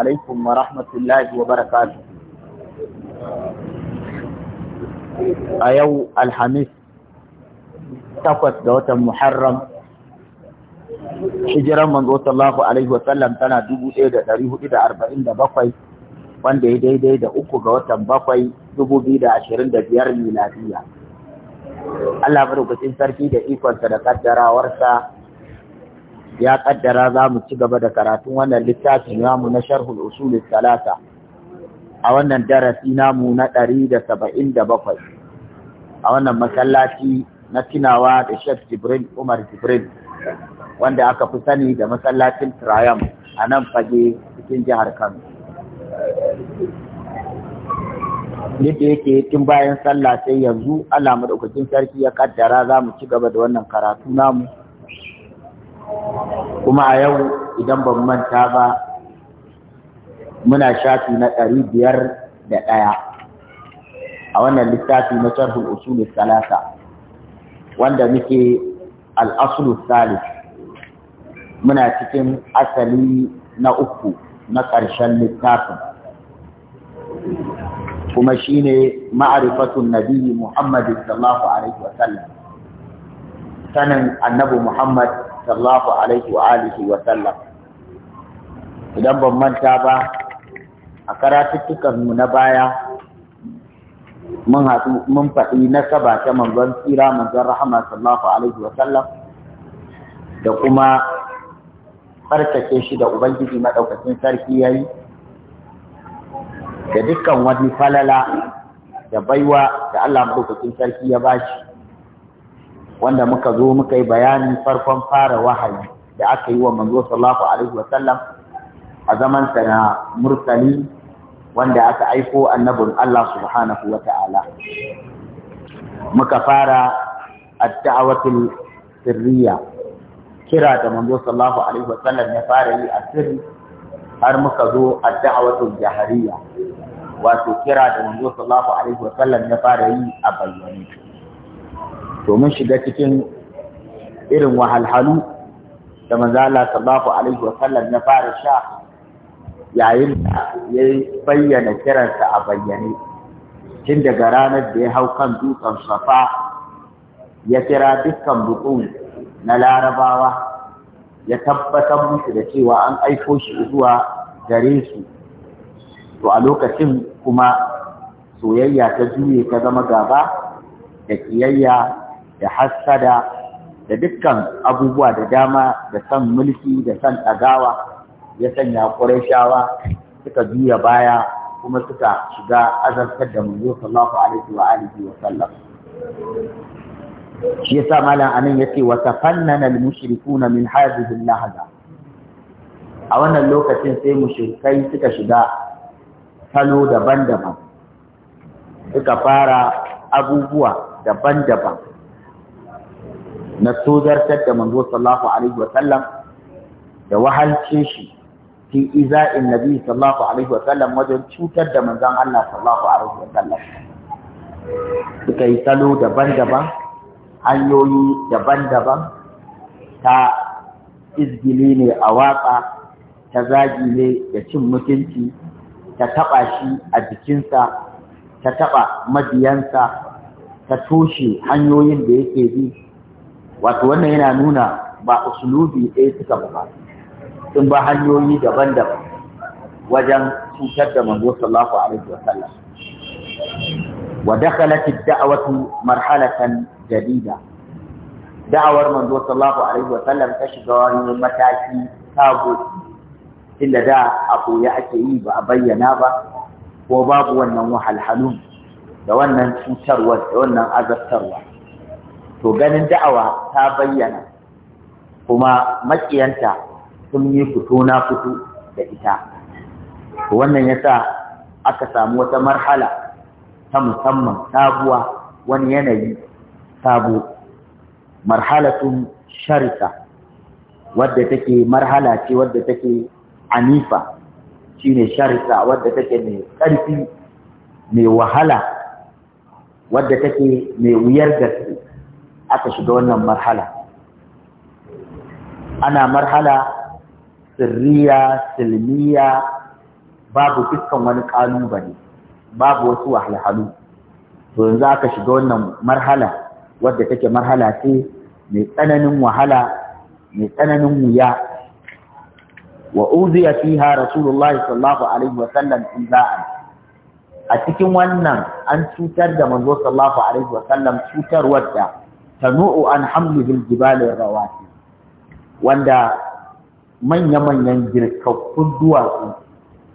alaikum wa rahmatullahi wa barakatu. a yau alhamis takwas ga watan muharram hijiran manzo sallallahu alaihi wasallam tana bakwai, wanda ya daidai da uku ga watan bakwai biyar miladiya Allah madaukakin sarki da ikonsa da kaddarawarsa ya kaddara za mu ci gaba da karatun wannan littafin namu na sharhul usul Salasa, a wannan darasi namu na ɗari da saba'in da bakwai a wannan masallaci na tunawa da Sheikh Jibril Umar Jibril wanda aka fi sani da masallacin Triumph a nan fage cikin jihar Kano. Yadda yake tun bayan sallah sai yanzu Allah maɗaukacin sarki ya kaddara za mu ci gaba da wannan karatu namu. kuma a yau idan ban manta ba muna shafi na ɗari biyar da ɗaya a wannan littafi na sharhul usul salasa wanda muke al'asulu salis muna cikin asali na uku na ƙarshen littafin kuma shine ma'arifatun nabi muhammadin sallallahu alaihi wasallam sanin annabi Muhammad sallallahu alaihi wa alihi wa sallam idan ban manta ba a karatuttukan mu na baya mun haɗu mun faɗi nasaba ta manzon tsira manzon rahama sallallahu alaihi wa sallam da kuma farkace shi da ubangiji maɗaukacin sarki yayi da dukkan wani falala da baiwa da Allah maɗaukacin sarki ya bashi wanda muka zo muka yi bayanin farkon fara wahayi da aka yi wa manzo sallallahu alaihi wa sallam a zaman sa na mursali wanda aka aiko annabin Allah subhanahu wa ta'ala muka fara ad-da'awatul sirriya kira da manzo sallallahu alaihi wa sallam ya fara yi a sirri har muka zo ad-da'awatul jahariya wato kira da manzo sallallahu alaihi wa sallam ya fara yi a bayyane domin shiga cikin irin wahalhalu da manzo Allah sallallahu alaihi wa sallam na fara sha yayin da ya bayyana kiransa a bayyane tun daga ranar da ya hau kan dutsen safa ya kira dukkan bukun na larabawa ya tabbatar musu da cewa an aiko shi zuwa gare su to a lokacin kuma soyayya ta juye ta zama gaba da kiyayya da hassada da dukkan abubuwa da dama da san mulki da san ɗagawa ya sanya ƙurashawa suka biya baya kuma suka shiga azartar da manzo sallallahu alaihi wa alihi wa sallam shi yasa malam anan yace wa tafannana al mushrikuna min hadhihi al lahza a wannan lokacin sai mushrikai suka shiga salo daban-daban suka fara abubuwa daban-daban na tozartar da manzo sallallahu alaihi wa sallam da wahalce shi fi iza'in nabi sallallahu alaihi wa sallam wajen cutar da manzon Allah sallallahu alaihi wa sallam suka yi salo daban-daban hanyoyi daban-daban ta izgili ne a waƙa ta zagi ne da cin mutunci ta taɓa shi a jikinsa ta taɓa mabiyansa ta toshe hanyoyin da yake bi wato wannan yana nuna ba usulubi ɗaya suka ba sun ba hanyoyi daban-daban wajen cutar da manzo sallallahu alaihi wasallam wa dakhalat ad-da'watu marhalatan jadida da'awar manzo sallallahu alaihi sallam ta shiga wani mataki sabo inda da a koya ake yi ba a bayyana ba ko babu wannan wahalhalun da wannan cutarwa da wannan azabtarwa to ganin da'awa ta bayyana kuma maƙiyanta sun yi fito na fito da ita wannan yasa aka samu wata marhala ta musamman sabuwa wani yanayi sabo marhalatun sharika wadda take marhala ce wadda take anifa shine sharika wadda take mai ƙarfi mai wahala wadda take mai wuyar gaske aka shiga wannan marhala ana marhala sirriya silmiya babu dukkan wani kalubale babu wasu wahalhalu to yanzu aka shiga wannan marhala wadda take marhala ce mai tsananin wahala mai tsananin wuya wa uziya fiha rasulullahi sallallahu alaihi wa sallam iza'an a cikin wannan an cutar da manzo sallallahu alaihi wa sallam cutar wadda. tanu'u an hamlihil jibali rawati wanda manya-manyan girkakkun duwatsu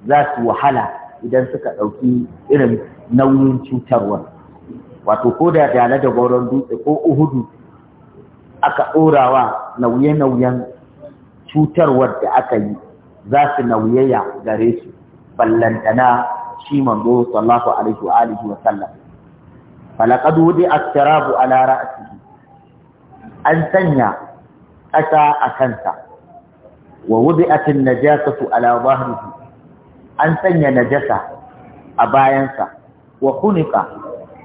za su wahala idan suka ɗauki irin nauyin cutarwa wato ko da dala da gauron dutse ko uhudu aka ɗorawa nauye-nauyen cutarwar da aka yi za su nauyaya gare su ballantana shi manzo sallallahu alaihi wa alihi wa sallam falaqad wudi'a as-sirabu ala an sanya ƙasa a kansa wa wudi'atin najasatu ala dhahrihi an sanya najasa a bayansa wa khunika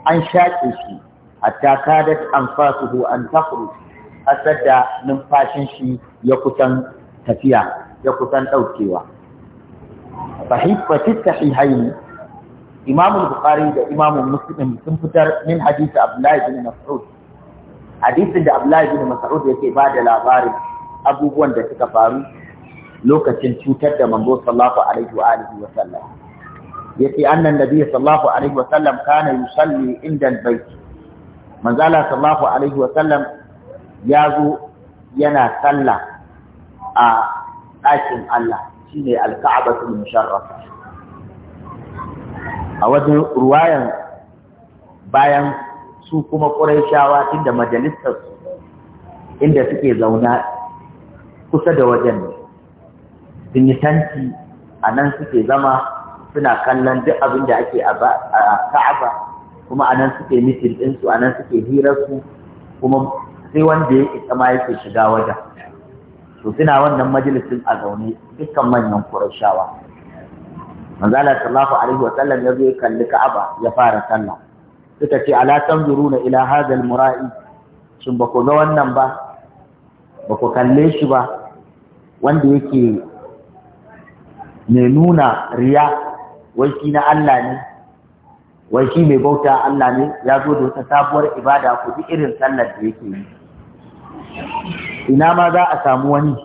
an shaƙe shi a taka da an takuru asar da numfashin shi ya kusan tafiya ya kusan ɗaukewa. Fahimfatit sahihaini Imam Bukhari da Imam Muslim sun fitar min hadisi Abdullahi bin Mas'ud hadisin da Abdullahi bin Mas'ud yake ba da labarin abubuwan da suka faru lokacin cutar da manzo sallallahu alaihi wa alihi wa sallam yace annan nabi sallallahu alaihi wa sallam kana yusalli inda albayt manzo sallallahu alaihi wa sallam yazo yana sallah a ɗakin Allah shine alka'batul musharrafa a wajen ruwayan bayan su kuma ƙuraishawa inda da majalisarsu inda suke zauna kusa da wajen ne sun a nan suke zama suna kallon duk abin da ake a ka'aba kuma a nan suke mitin ɗinsu a nan suke hirarsu kuma sai wanda ya isa ma yake shiga wajen to suna wannan majalisin a zaune dukkan manyan ƙuraishawa manzala sallallahu alaihi wa sallam ya zo ya kalli ka'aba ya fara sallah suka ce ala na ila hadal mura'i shin ba ku ga wannan ba ba ku kalle shi ba wanda yake mai nuna riya wai shi na Allah ne wai shi mai bauta Allah ne ya zo da wata sabuwar ibada ku ji irin sallar da yake yi ina ma za a samu wani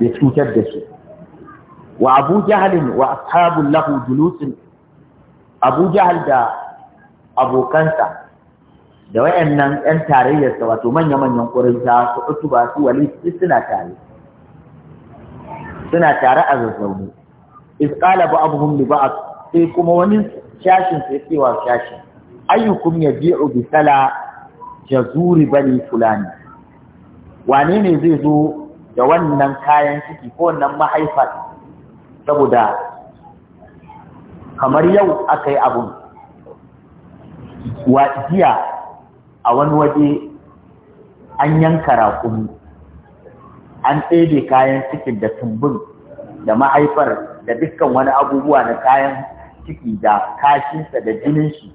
ya cutar da shi wa abu jahalin wa ashabun lahu julusin abu jahal da abokansa da wayannan yan tarayyarsa wato manya-manyan ƙurinta su ba su wali suna tare suna tare a zazzaune isqala ba'dhum li ba'd sai kuma wani shashin sai cewa shashin ayyukum yabi'u bi sala jazuri bani fulani wane ne zai zo da wannan kayan ciki ko wannan mahaifa saboda kamar yau aka yi abun wa jiya a wani waje an yanka raƙumi an tsede kayan cikin da tumbin da mahaifar da dukkan wani abubuwa na kayan ciki da kashinsa da jinin shi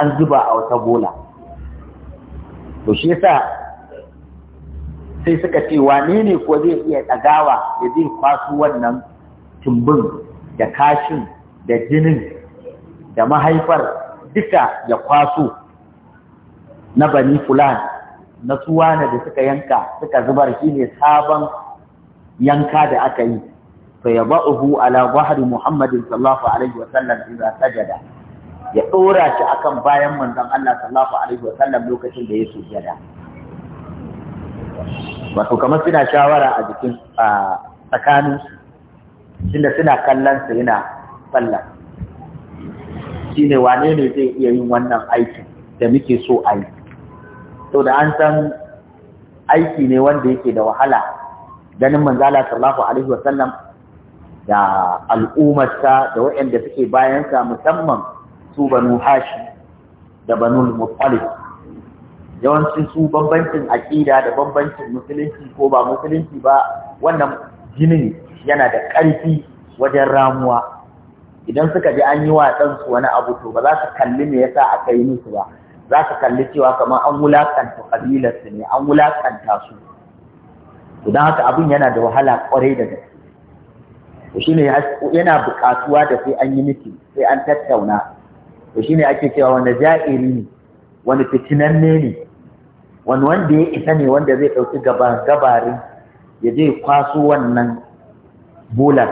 an zuba a wata bola to shi yasa sai suka ce wane ne ko zai iya ɗagawa da zai kwaso wannan tumbin da kashin da jinin da mahaifar duka ya kwaso na bani fulan na suwana da suka yanka suka zubar shi ne sabon yanka da aka yi fa ya ba'uhu ala zahri muhammadin sallallahu alaihi wa sallam idza sajada ya dora shi akan bayan manzon Allah sallallahu alaihi wa sallam lokacin da ya sujada wato kamar suna shawara a jikin tsakanin tsakaninsu tunda suna kallon su yana shi ne wane ne zai iya yin wannan aikin da muke so a yi to da an san aiki ne wanda yake da wahala ganin manzala sallahu alaihi wasallam da al'ummarsa da waɗanda suke bayan sa, musamman su banu hashi da banu muttalib yawancin su bambancin aƙida da bambancin musulunci ko ba musulunci ba wannan jinin yana da ƙarfi wajen ramuwa idan suka ji an yi su wani abu to ba za su kalli me yasa aka yi musu ba za su kalli cewa kamar an wulakanta su ne an wulakanta su to don haka abin yana da wahala kwarai da gaske to shine yana buƙatuwa da sai an yi miki sai an tattauna to shine ake cewa wanda ja'iri ne wani fitinanne ne wani wanda ya isa ne wanda zai ɗauki gabarin ya je kwaso wannan bolar?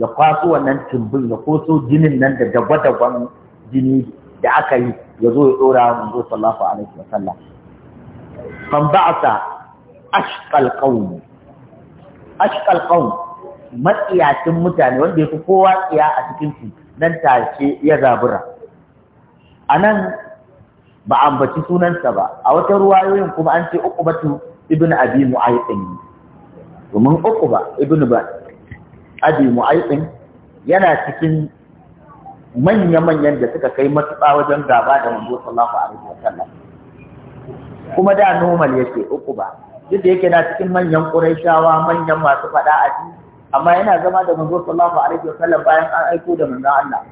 ya kwaso wannan timbin ya koso jinin nan da dagwadagwan jini da aka yi ya zo ya ɗora wa manzo sallallahu alaihi wa sallam man ba'asa ashqal qawm ashqal qawm matsiyacin mutane wanda yake kowa tsiya a cikin su nan take ya zabura anan ba ambaci sunansa ba a wata ruwayoyin kuma an ce uqbatu ibnu abi mu'ayyid domin uqba ibnu ba abi Mu'aitsin yana cikin manya-manyan da suka kai matuƙa wajen gaba da manzo sallallahu alaihi wasallam kuma da normal yake uku ba duk da yake na cikin manyan quraishawa manyan masu faɗa a ji amma yana zama da manzo sallallahu alaihi wasallam bayan an aiko da manzon Allah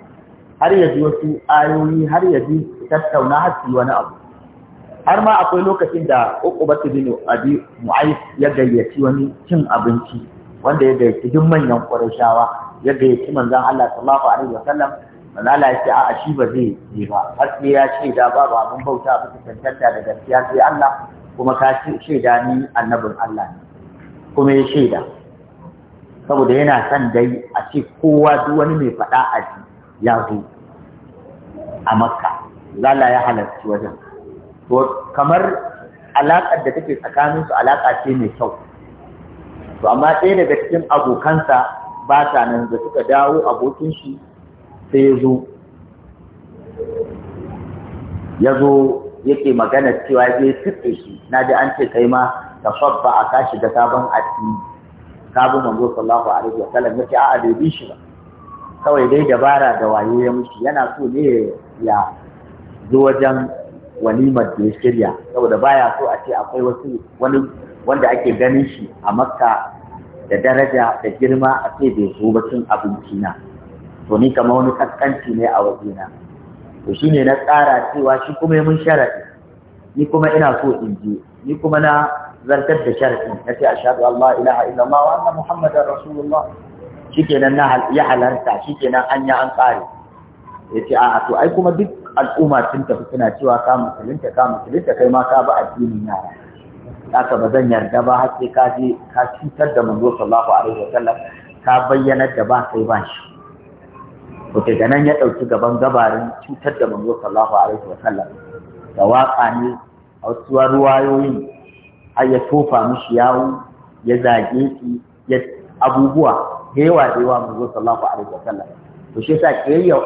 har ya ji wasu ayoyi har ya ji tattauna har su wani abu har ma akwai lokacin da uku ba bin abi mu'ayth ya gayyaci wani cin abinci wanda ya gaici duk manyan ƙurashawa ya gaici manzon Allah sallallahu alaihi wa sallam manzala ya ce a'a shi ba zai yi ba har sai ya shaida babu abin bauta bisa tantanta da gaskiya sai Allah kuma ka shaida ni annabin Allah ne kuma ya shaida saboda yana son dai a ce kowa duk wani mai faɗa a ji ya zo a makka lala ya halarci wajen to kamar alaƙar da take tsakaninsu alaƙa ce mai kyau to amma ɗaya daga cikin abokansa ba ta nan da suka dawo abokin shi sai ya zo ya zo yake magana cewa zai tutse shi na ji an ce kai ma ka sabba a ka shiga sabon addini sabon manzo sallallahu alaihi wasallam Yake a'a bai bi shi ba kawai dai dabara da waye ya mushi yana so ne ya zo wajen walimar da ya shirya saboda baya so a ce akwai wasu wani wanda ake ganin shi a makka da daraja da girma a ce bai zo ba cin abinci na to ni kamar wani kaskanci ne a wajena to shine na tsara cewa shi kuma mun sharadi ni kuma ina so in je ni kuma na zartar da sharadi na ce ashhadu an la ilaha illallah wa anna muhammadar rasulullah shikenan na ya halarta shikenan an ya an tsare yace a'a to ai kuma duk al'umma sun tafi suna cewa ka musulunta ka musulunta kai ma ka bi addinin yara haka ba zan yarda ba har sai ka je ka cutar da manzo sallallahu alaihi wasallam ka bayyanar da ba kai ba shi to daga nan ya dauki gaban gabarin cutar da manzo sallallahu alaihi wasallam da waka ne a wasu ruwayoyin har ya tofa mishi yawo ya zage shi ya abubuwa da yawa da yawa manzo sallallahu alaihi wasallam to shi yasa kiyayya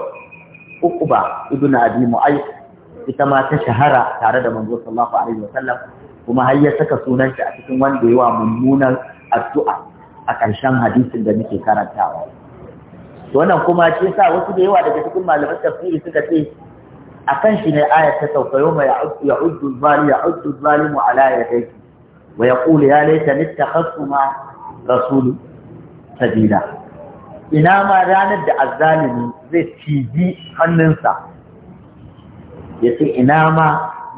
Uqba ibn Abi Mu'ayth ita ma ta shahara tare da manzo sallallahu alaihi wasallam kuma har ya saka sunan shi a cikin wanda yawa mummunan addu'a a ƙarshen hadisin da nake karantawa wannan kuma ce yasa wasu da yawa daga cikin malaman tafsiri suka ce akan shi ne ayat ta sauka yawma ya'uddu zalimu ya'uddu zalimu ala yadayhi wa yaqulu ya laita nittakhassu ma rasulu sabila ina ma ranar da azzalimi zai ciji hannunsa ya ce ina ma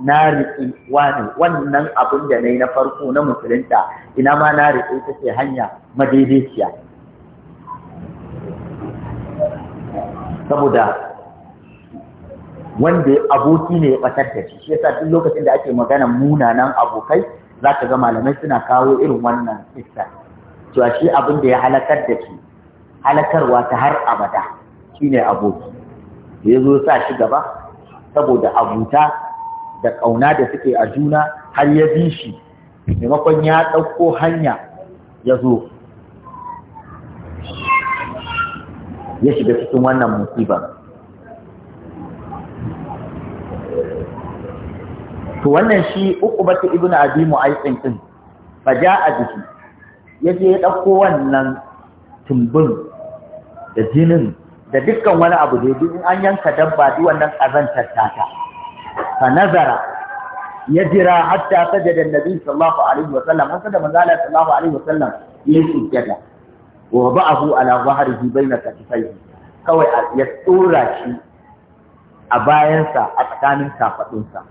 na riƙi wani wannan abin da na yi na farko na musulunta ina ma na riƙi ta ce hanya madaidaiciya saboda wanda aboki ne ya ɓatar da shi ya yasa duk lokacin da ake magana munanan abokai za ka ga malamai suna kawo irin wannan iska cewa shi abin da ya halakar da shi halakarwa ta har abada ne aboki da ya zo sa shi gaba saboda abuta da ƙauna da suke a juna har ya bi shi maimakon ya ɗauko hanya ya zo ya shiga cikin wannan musibar to wannan shi uku uqbatu ibnu abi mu'aytin Ba ja a jiki Ya je ya ɗauko wannan tumbin da jinin da dukkan wani abu da in an yanka dabba duk wannan kazantar tata fa nazara ya jira hatta sajada annabi sallallahu alaihi wa sallam an da manzo Allah sallallahu alaihi wa sallam ya sujjada wa ba'ahu ala zahrihi baina katifaihi kawai ya tsura shi a bayansa a tsakanin kafadunsa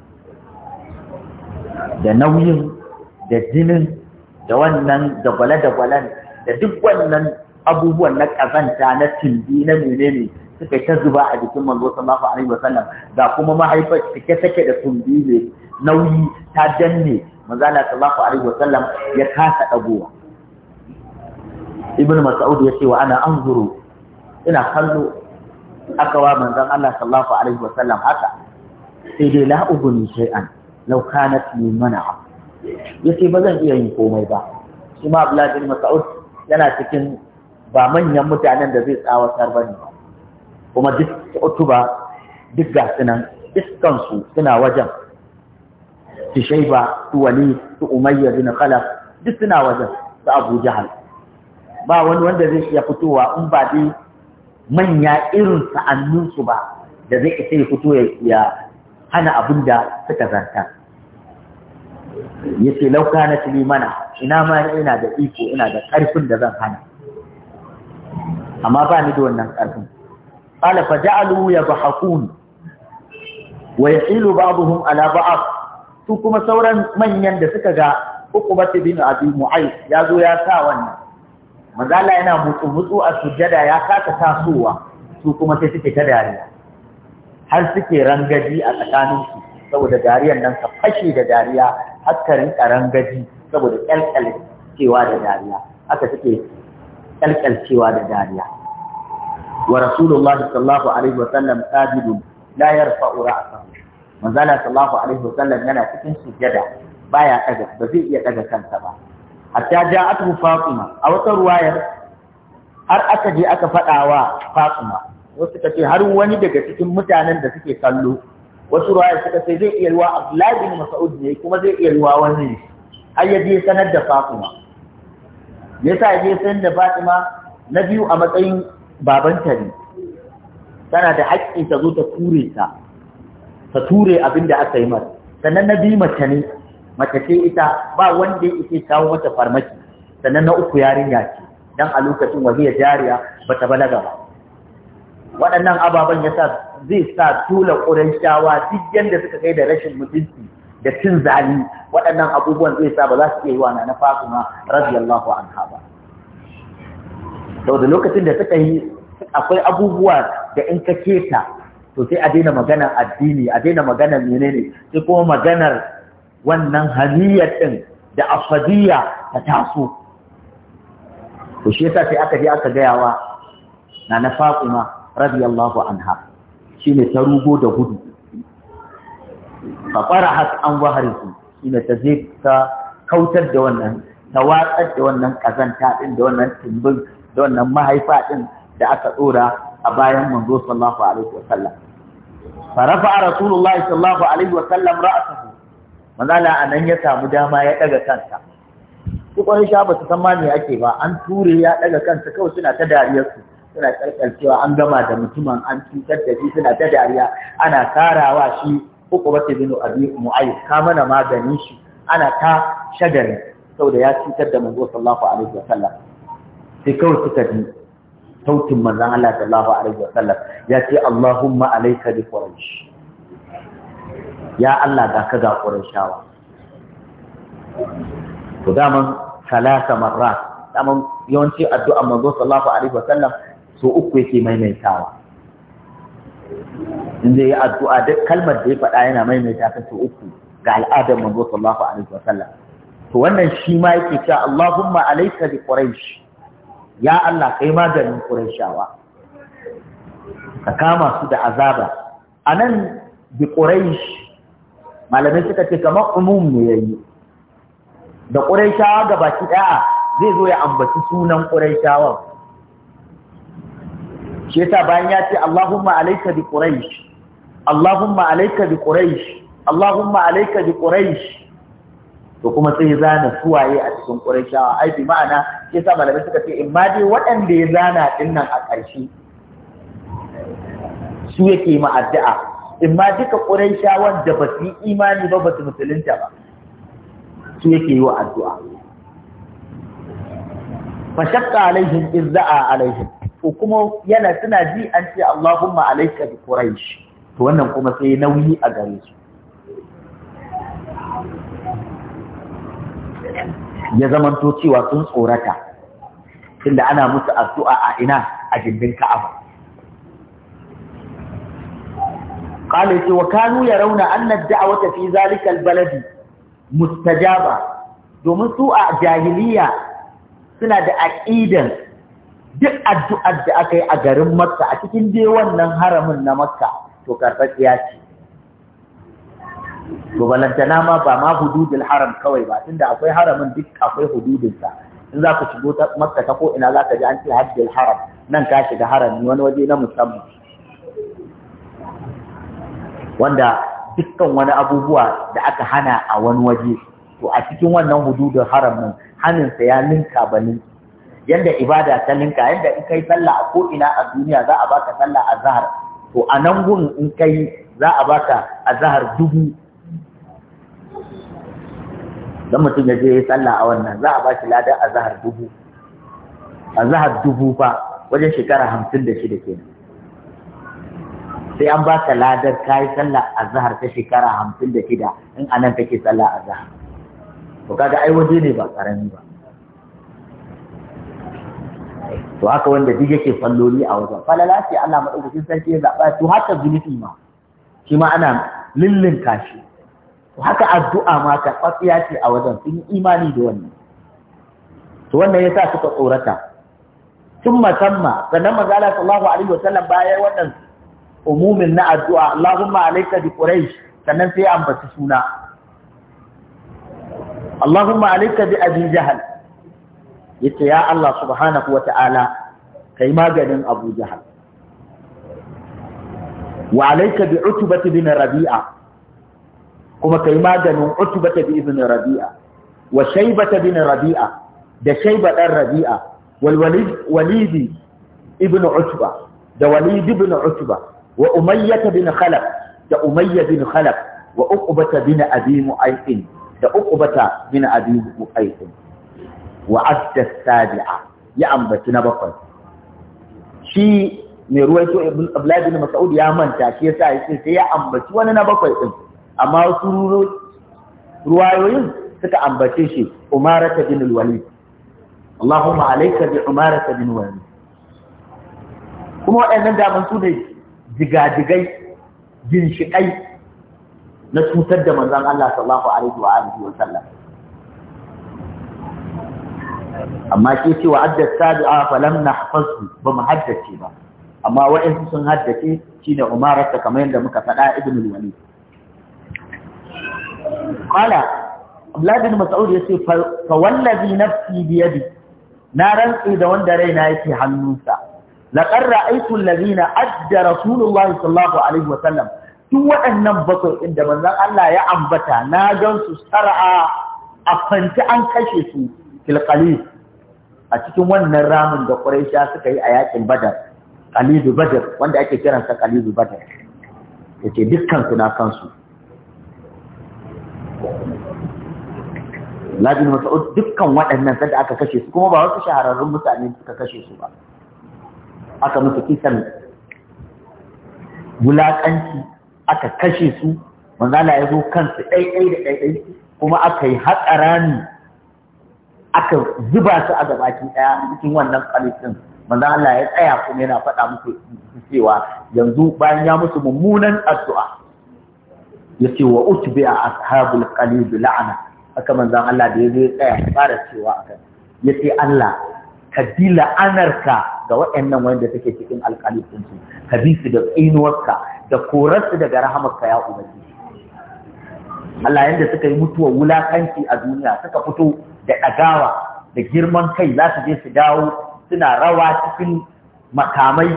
da nauyin da jinin da wannan dagwale-dagwalen da duk wannan abubuwan na kazanta na tumbi na menene suka ta zuba a jikin manzo sallallahu alaihi wasallam ga kuma mahaifar take take da tumbi ne nauyi ta danne manzo sallallahu alaihi wasallam ya kasa dagowa ibn mas'ud ya ce wa ana anzuru ina kallo aka wa manzon Allah sallallahu alaihi wasallam haka sai dai la uguni shay'an law kanat li mana'a yace ba zan iya yin komai ba kuma Abdullah bin Mas'ud yana cikin ba manyan mutanen da zai tsawatar ba ne kuma duk utuba duk ga sunan iskansu suna wajen su shaiba su wali su umayya bin kala duk suna wajen su abu jahal ba wani wanda zai iya fitowa in ba dai manya irin sa'anninsu ba da zai isa ya fito ya hana abin da suka zanta yace lauka na tilimana ina ma ina da iko ina da ƙarfin da zan hana amma ba ni da wannan ƙarfin qala fa ja'alu yadhakun wa yahilu ba'dhum ala ba'd su kuma sauran manyan da suka ga ta bin abi mu'ayth ya zo ya sa wannan manzala yana mutu mutsu a sujjada ya kasa tasowa su kuma sai suke tadari har suke rangaji a su saboda dariyan nan ka fashe da dariya har ka rinka rangaji saboda kalkal cewa da dariya haka suke kyalkyalcewa da dariya wa rasulullah sallallahu alaihi wa sallam sajidun la yarfa'u ra'sahu manzala sallallahu alaihi wa sallam yana cikin sujada baya daga ba zai iya daga kansa ba hatta ja'atu fatima a wata ruwayar har aka je aka faɗa wa fatima wasu suka ce har wani daga cikin mutanen da suke kallo wasu ruwayar suka ce zai iya ruwa abdullahi bin mas'ud ne kuma zai iya ruwa wani har ya je sanar da fatima me yasa je san da Fatima na biyu a matsayin babanta ne tana da haƙƙi ta zo ta ture ta ta ture abin da aka yi mata sannan na biyu mace ne mace ce ita ba wanda ya ke kawo mata farmaki sannan na uku yarinya ce dan a lokacin wahiya jariya bata balaga ba waɗannan ababen yasa zai sa tula ƙuran shawa duk yadda suka kai da rashin mutunci da cin zali waɗannan abubuwan zai sa ba za su iya yi wa na Fatima radiyallahu anha ba saboda lokacin da suka yi akwai abubuwa da in ka keta to sai a daina maganar addini a daina maganar menene sai kuma maganar wannan haniyar din da afadiyya ta taso to shi yasa sai aka je aka gaya wa na na Fatima radiyallahu anha shine ta rugo da gudu faqarahat an waharihi ina ta je ta kautar da wannan ta watsar da wannan kazanta din da wannan timbin da wannan mahaifa din da aka dora a bayan manzo sallallahu alaihi wasallam farafa rasulullahi sallallahu alaihi wasallam ra'sahu manzala anan ya samu dama ya daga kansa ko wani sha ba su san ma me ake ba an ture ya daga kansa kawai suna ta dariyar su suna karkarcewa an gama da mutumin an cutar da shi suna ta dariya ana karawa shi uku ba ta binu abi mu'ayyid ka mana maganin shi ana ta shagari saboda ya cutar da manzo sallallahu alaihi wasallam sai kawai suka ji sautin manzon Allah sallallahu alaihi wasallam ya ce Allahumma alayka bi quraish ya Allah ga ka ga qurayshawa to daman salasa marrat daman yawanci addu'a manzo sallallahu alaihi wasallam so uku yake maimaitawa in zai yi addu'a duk kalmar da ya faɗa yana maimaita ta su uku ga al'adar manzo sallallahu alaihi wa sallam to wannan shi ma yake cewa Allahumma alayka bi quraish ya Allah kai maganin qurayshawa ka kama su da azaba anan bi quraish malamai suka ce kamar umum ne yayi da qurayshawa gabaki daya zai zo ya ambaci sunan qurayshawa shi yasa bayan ya ce Allahumma alayka bi quraish Allahumma alayka bi quraish Allahumma alayka bi quraish to kuma sai ya zana suwaye a cikin quraishawa ai bi ma'ana shi yasa malamai suka ce in ma dai waɗanda ya zana dinnan a ƙarshe su yake yi addu'a in ma duka quraishawan da ba su imani ba ba su musulunta ba su yake yi wa addu'a fashakka alaihim izza'a alaihim to kuma yana suna ji an ce Allahumma alaika bi Quraysh to wannan kuma sai nauyi a gare su ya zamanto cewa sun tsorata tunda ana musu addu'a a ina a gindin Ka'aba qala ce wa kanu yarawna anna ad-da'wata fi zalika al-baladi mustajaba domin su a jahiliya suna da aqidan duk addu'ar da aka yi a garin makka a cikin dai wannan haramin na makka to karɓaɓɓiya ce to balantana ma ba ma hududul haram kawai ba tunda akwai haramin duk akwai hududinsa in za ku shigo makka ta ko ina za ka ji an ce haddul haram nan ka shiga harami wani waje na musamman wanda dukkan wani abubuwa da aka hana a wani waje to a cikin wannan hududul haram nan haninsa ya ninka ba ninka yanda ibada ta linka yanda in kai sallah a ko'ina a duniya za a baka sallah a zahar to a nan gun in kai za a baka a zahar dubu don mutum ya je ya sallah a wannan za a ba shi ladan a zahar dubu a zahar dubu fa wajen shekara hamsin da shida kenan sai an ba ka ladar sallah a zahar ta shekara hamsin da shida in anan kake sallah a zahar to kaga ai waje ne ba karami ba to haka wanda duk yake falloli a wajen falala sai Allah madaukakin sarki ya zaba to haka zulufi ma shi ma ana lillin kashi. to haka addu'a ma ta tsatsiya ce a wajen sun imani da wannan to wannan yasa suka tsorata sun masamma sannan manzo Allah sallallahu alaihi sallam bayan wannan umumin na addu'a Allahumma alayka bi quraish sannan sai ambaci suna Allahumma alayka bi abi jahal yace ya Allah subhanahu wata'ala kai maganin Abu Jahal wa alaika bi utbati bin Rabi'a kuma kai maganin utbata bi ibn Rabi'a wa shaybata bin Rabi'a da shayba dan Rabi'a wal walidi ibn Utba da walidi ibn Utba wa umayyah bin Khalaf da umayya bin Khalaf wa uqbata bin Abi Mu'ayth da uqbata bin Abi Mu'ayth wa adda sabi'a ya ambaci na bakwai shi mai ruwan so ibn abdullahi bin mas'ud ya manta shi yasa yake sai ya ambaci wani na bakwai din amma wasu ruwayoyin suka ambace shi umarata bin walid Allahumma alayka bi umarata bin walid kuma waɗannan daman su ne jigadigai ginshiƙai na cutar da manzon Allah sallallahu alaihi wa alihi wa sallam amma ke cewa adda sabi'a falam nahfazu ba mu haddace ba amma waɗansu sun haddace shine Umar ta kamar yadda muka faɗa Ibn al-Walid qala Abdullah bin Mas'ud yace fa wallazi nafsi bi na rantsi da wanda raina yake hannunsa laqad ra'aytu allazina adda Rasulullah sallallahu alaihi wa sallam duk waɗannan bakwai inda manzon Allah ya ambata na gansu sar'a a fanti an kashe su fil a cikin wannan ramin da Quraisha suka yi a yakin Badar Qalidu Badar wanda ake kiransa Qalidu Badar yace dukkan su na kansu Labin Mas'ud dukkan waɗannan sanda aka kashe su kuma ba wasu shahararrun mutane suka kashe su ba aka mutu kisan wulaƙanci aka kashe su manzala ya zo kansu ɗaiɗai da ɗaiɗai kuma aka yi haƙa rami aka zuba su a gabaki ɗaya cikin wannan kalifin manzo Allah ya tsaya kuma yana faɗa musu cewa yanzu bayan ya musu mummunan addu'a Ya ce wa a ashabul qalib la'ana haka manzo Allah da ya ya tsaya fara cewa akan yace Allah ka bi la'anarka ga waɗannan wanda take cikin alƙalifin su ka bi su da tsinuwarka da korarsu daga rahamarka ya umarci. Allah yanda suka yi mutuwa wulakanci a duniya suka fito da ɗagawa da girman kai za su je su dawo suna rawa cikin makamai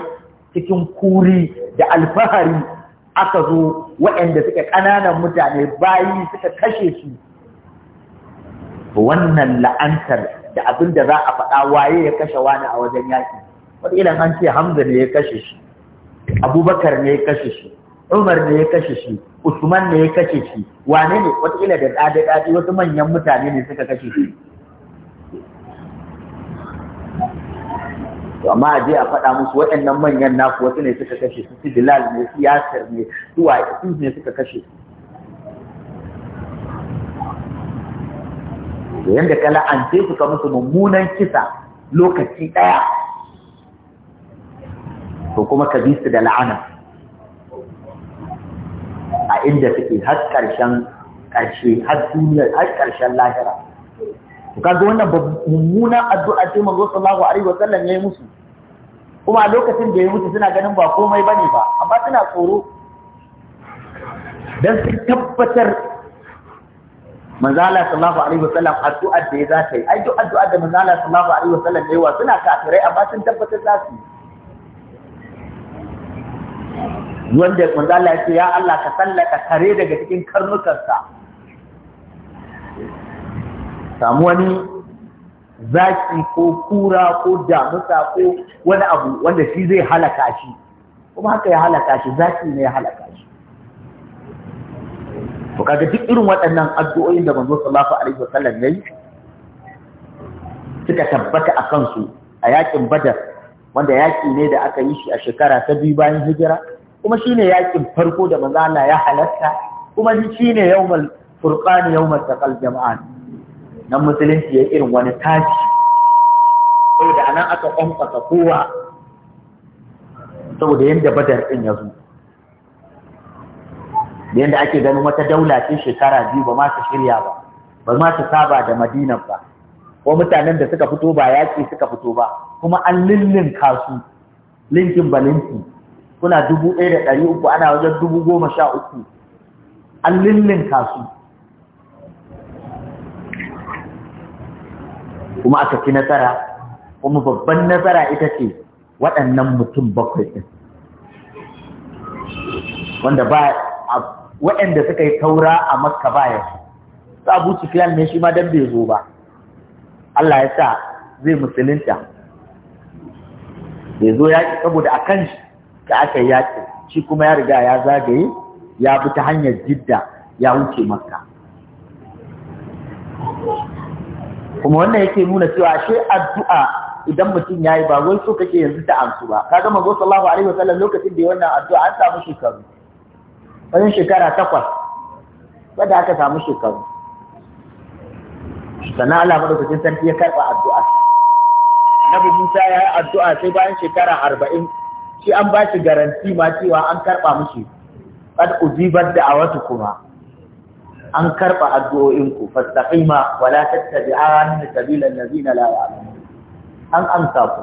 cikin kuri da alfahari aka zo waɗanda suka ƙananan mutane bayi suka kashe su wannan la'antar da abin da za a faɗa waye ya kashe wani a wajen yaƙi ilan an ce hamza ne ya kashe shi abubakar ne ya kashe shi Umar ne ya kashe shi Usman ne ya kashe shi wane ne wataƙila da ɗaɗe ɗaɗe wasu manyan mutane ne suka kashe shi to amma a je a faɗa musu waɗannan manyan naku wasu ne suka kashe su su Bilal ne su Yasir ne su waye su ne suka kashe su yanda ka la'ance su suka musu mummunan kisa lokaci ɗaya to kuma ka bi su da la'ana a inda suke har ƙarshen ƙarshe har duniyar har ƙarshen lahira to kaga wannan mummunan addu'a ce manzo sallallahu alaihi wasallam yayi musu kuma a lokacin da ya mutu suna ganin ba komai bane ba amma suna tsoro dan su tabbatar manzo sallallahu alaihi wasallam addu'a da ya zata yi ai duk addu'a da manzo sallallahu alaihi wasallam yayi wa suna kafirai amma sun tabbatar za su yi wanda manzo Allah ya ce ya Allah ka sallaka kare daga cikin karnukansa samu wani zaki ko kura ko damuta ko wani abu wanda shi zai halaka shi kuma haka ya halaka shi zaki ne ya halaka shi to kaga duk irin waɗannan addu'o'in da manzo sallallahu alaihi wasallam yayi suka tabbata a kansu a yakin badar wanda yaki ne da aka yi shi a shekara ta biyu bayan hijira kuma shine yakin farko da manzo Allah ya halarta. kuma shine yawmal furqan yawmal taqal jama'an nan musulunci ya irin wani tashi saboda anan aka kwanta kowa saboda yanda badar din ya zo da yanda ake ganin wata daula ce shekara biyu ba ma ta shirya ba ba ma ta saba da madinan ba ko mutanen da suka fito ba yaƙi suka fito ba kuma an lullun kasu linkin ba kuna dubu ɗaya da ɗari uku ana wajen dubu goma sha uku an lullun kasu kuma aka fi nasara kuma babban nasara ita ce waɗannan mutum bakwai ɗin wanda ba waɗanda suka yi taura a makka baya su abu sufiyan ne shi ma don bai zo ba Allah ya sa zai musulunta bai zo ya saboda a kan shi da aka yi yaƙi shi kuma ya riga ya zagaye ya bi ta hanyar jidda ya wuce makka kuma wannan yake nuna cewa ashe addu'a idan mutum yayi ba wai so kake yanzu ta amsu ba Ka gama manzo sallallahu alaihi wasallam lokacin da ya wannan addu'a an samu shekaru wajen shekara takwas wanda aka samu shekaru sannan Allah madaukakin sarki ya karba addu'a Nabi Musa ya yi addu'a sai bayan shekara arba'in shi an ba shi garanti ma cewa an karɓa mushi qad ujibat kuma an karɓa addu'o'inku fastaqima wa la tattabi'an sabilal ladina la ya'lamun an amsa ku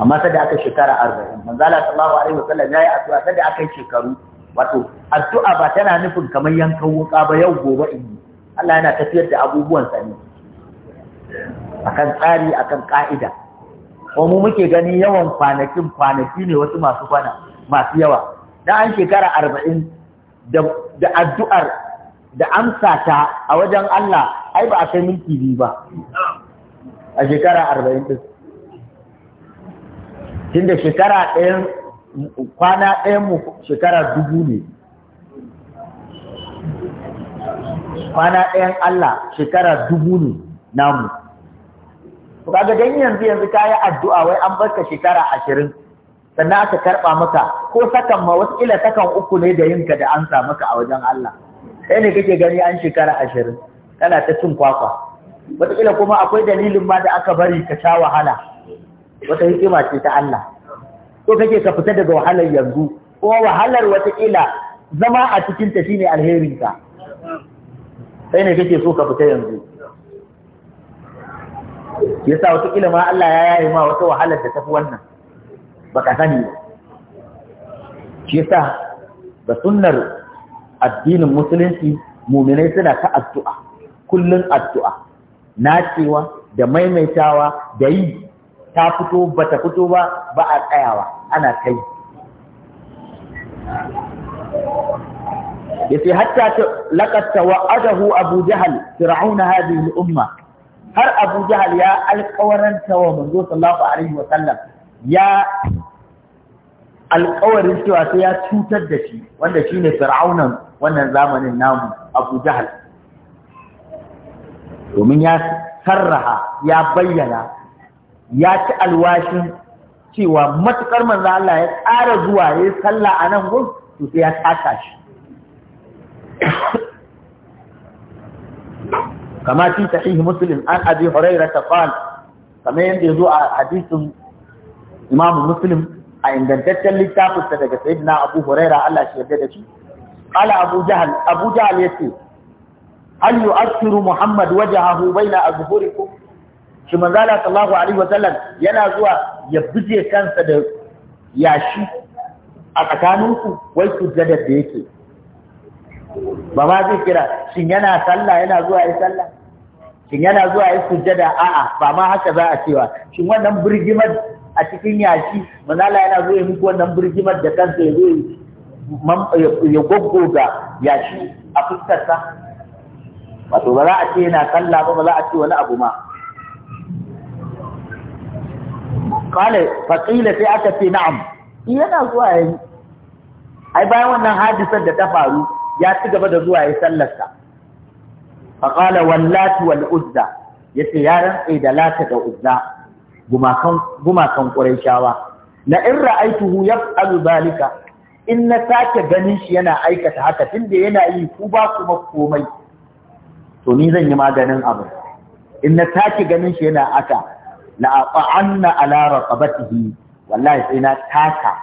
amma sai da aka shekara 40 manzo Allah sallallahu alaihi wasallam yayi addu'a sai da aka shekaru wato addu'a ba tana nufin kamar yankan wuka ba yau gobe in Allah yana tafiyar da abubuwan sa ne akan tsari akan ka'ida ko mu muke gani yawan kwanakin kwanaki ne wasu masu kwana masu yawa da an shekara arba'in da addu'ar da amsa ta a wajen Allah ai ba a kai minti biyu ba a shekara arba'in ɗin tun da shekara ɗayan kwana ɗayan mu shekara dubu ne kwana ɗayan Allah shekara dubu ne namu to kaga dan yanzu yanzu kayi addu'a wai an barka shekara ashirin sannan aka karɓa maka ko sakan ma wasu ila sakan uku ne da yinka da an samu maka a wajen Allah Sai ne kake gani an shekara ashirin kana ta cin kwakwa wataƙila kuma akwai dalilin ma da aka bari ka sha wahala wata hikima ce ta Allah ko kake ka fita daga wahalar yanzu ko wahalar wataƙila zama a cikinta shine alherinka sai ne kake so ka fita yanzu yasa wata kila ma Allah ya yaye ma wata wahalar da tafi wannan baka sani ba shi yasa da sunnar addinin musulunci muminai suna ta addu'a kullun addu'a Na cewa da maimaitawa da yi ta fito ba ta fito ba ba a tsayawa ana kai yace hatta laqad tawa'adahu abu jahal fir'auna hadhihi al-umma har Abu Jahal ya alƙawaranta wa manzo sallallahu alaihi wa sallam ya alƙawarin cewa sai ya cutar da shi wanda shine fir'aunan wannan zamanin namu Abu Jahal domin ya sarraha ya bayyana ya ci alwashin cewa matukar manzo Allah ya tsara zuwa ya sallah a nan gun to sai ya tsaka shi kama fi sahih muslim an abi hurairah qala kamar yadda yazo a hadisin imam muslim a ingantaccen littafin sa daga sayyidina abu hurairah Allah shi yarda da shi qala abu jahl abu jahl yace hal yu'akhiru muhammad wajhahu baina azhurikum shi manzala sallallahu alaihi wa sallam yana zuwa ya buje kansa da yashi a tsakaninku wai sujjadar da yake ba ba zai kira shin yana sallah yana zuwa yi sallah shin yana zuwa yi sujjada a'a ba ma haka za a cewa shin wannan birgimar a cikin yashi manala yana zuwa ya muku wannan birgimar da kansa ya zai ya goggoga yashi a fuskarsa wato ba za a ce yana sallah ba ba za a ce wani abu ma kale fakila sai aka ce na'am yana zuwa yi ai bayan wannan hadisar da ta faru ya ci gaba da zuwa ya sallarsa faƙala wallati wal uzza ya ce ya rantse da lata da uzza gumakan ƙurayshawa la in ra'aituhu yaf'alu zalika in na sake ganin shi yana aikata haka tunda yana yi ku ba kuma komai to ni zan yi maganin abu in na sake ganin shi yana aka la aqanna ala raqabatihi wallahi sai na taka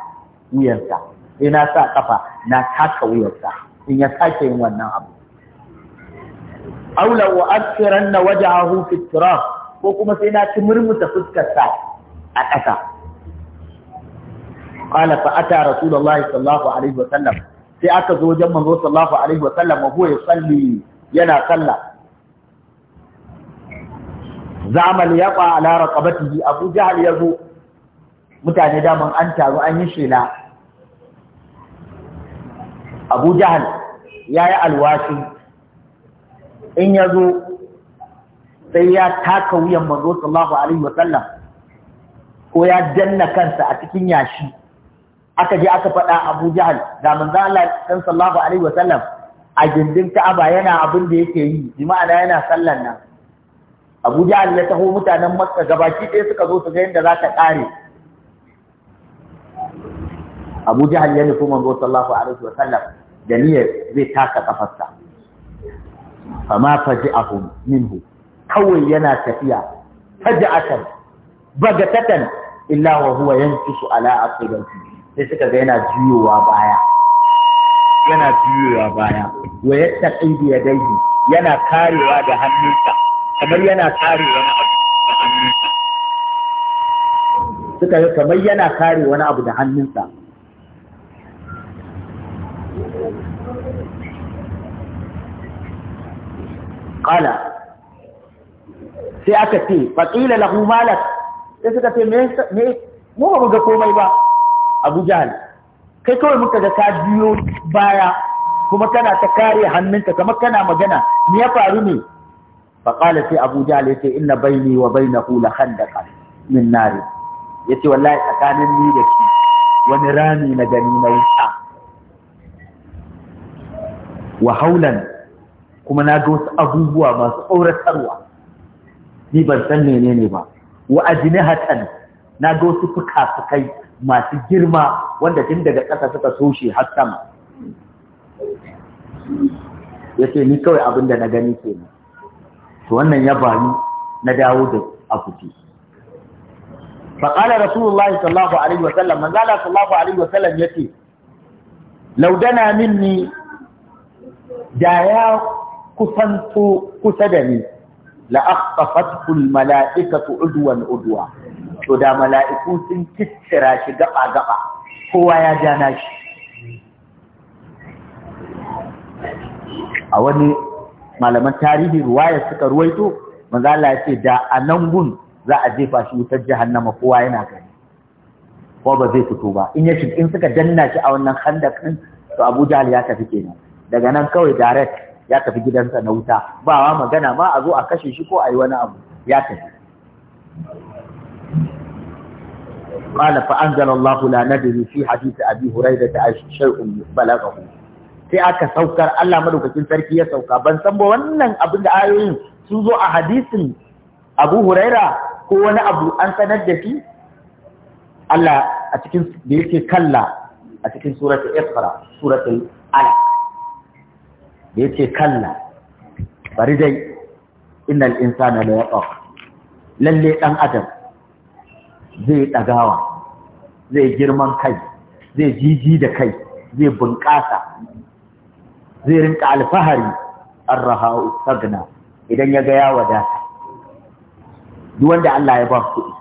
wuyarsa sai na sa kafa na taka wuyarsa in ya sake yin wannan abu aula wa asiran na wajahu fi turab ko kuma sai na ci murmuta fuskarsa a ƙasa qala fa ata rasulullahi sallallahu alaihi wa sallam sai aka zo wajen manzo sallallahu alaihi wa sallam huwa yusalli yana sallah zamal yaqa ala raqabatihi abu jahl yazo mutane daman an taru an yi shela abu jahal ya yi alwashi in ya zo sai ya taka wuyan manzo sallahu alaihi wasallam ko ya danna kansa a cikin yashi aka je aka faɗa abu jahal ga manzo Allah Sallahu alaihi wasallam a gindin Ka'aba yana abin da yake yi bi ma'ana yana sallan nan Abu Jahal ya taho mutanen Makka gabaki ɗaya suka zo su ga yadda za ta ƙare abu jahal ya nufi manzo sallallahu alaihi wa sallam da niyyar zai taka kafarsa a faji'ahum minhu kawai yana tafiya ji faji'atan bagatatan illa wa huwa yankisu ala aqidati sai suka ga yana juyowa baya yana juyowa baya wa yattaqi ya yadayhi yana karewa da hannunsa kamar yana kare wani abu da hannunsa kamar yana kare wani abu da hannunsa qala sai aka ce faqila lahu malak sai suka ce me mu ba mu ga komai ba Abu Jahal kai kawai muka ga ka biyo baya kuma kana ta kare hannunka kamar kana magana Ni ya faru ne faqala sai Abu Jahal yace inna baini wa bainahu la khandaqan min Ya yace wallahi tsakanin ni da shi wani rami na gani na wuta wa haulan kuma na ga wasu abubuwa masu tsoratarwa ni ban san menene ba wa hatan na ga wasu fuka-fukai masu girma wanda tun daga ƙasa suka soshe har sama ya ce ni kawai abin da na gani ke ne to wannan ya bani na dawo da akuti faƙalar rasulullahi sallallahu alaihi wasallam manzala sallallahu alaihi wasallam ya ce laudana minni da ya kusanto kusa da ni la akhafatu al mala'ikatu udwan udwa to da mala'iku sun kittira shi gaba gaba kowa ya jana shi a wani malaman tarihi ruwaya suka ruwaito manzo Allah ya ce da a nan gun za a jefa shi wutar jahannama kowa yana gani ko ba zai fito ba in ya in suka danna shi a wannan handakin to Abu Jahl ya tafi kenan daga nan kawai direct ya tafi gidansa na wuta ba wa magana ma a zo a kashe shi ko a yi wani abu ya tafi قال فأنزل الله لا ندري في حديث ta هريرة شيء sai aka saukar Allah madaukakin sarki ya sauka ban san ba wannan abin da ayoyin sun zo a hadisin Abu Huraira ko wani abu an sanar da shi Allah a cikin da yake kalla a cikin suratul Iqra al Alaq da yace kalla bari dai inal insana la yaqa lalle ɗan adam zai ɗagawa, zai girman kai zai jiji da kai zai bunƙasa zai rinka alfahari arrahau sagna idan ya ga ya wadata wanda Allah ya ba kuɗi